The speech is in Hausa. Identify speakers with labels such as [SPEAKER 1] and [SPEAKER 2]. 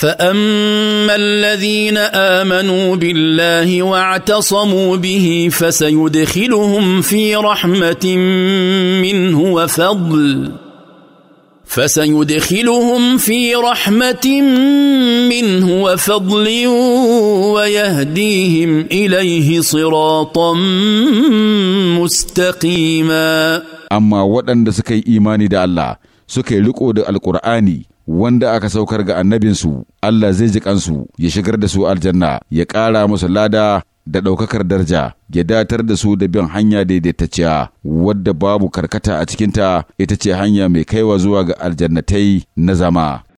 [SPEAKER 1] فاما الذين امنوا بالله واعتصموا به فسيدخلهم في رحمه منه وفضل فسيدخلهم في رحمه منه وفضل ويهديهم اليه
[SPEAKER 2] صراطا مستقيما اما ودن سكي إيماني دا الله سكي suka القرآني wanda aka saukar ga annabinsu Allah zai ji kansu ya shigar da su aljanna ya ƙara musu lada da ɗaukakar darja ya datar da su da bin hanya daidaitacciya wadda babu karkata a cikinta ita ce hanya mai kaiwa zuwa ga aljannatai na zama.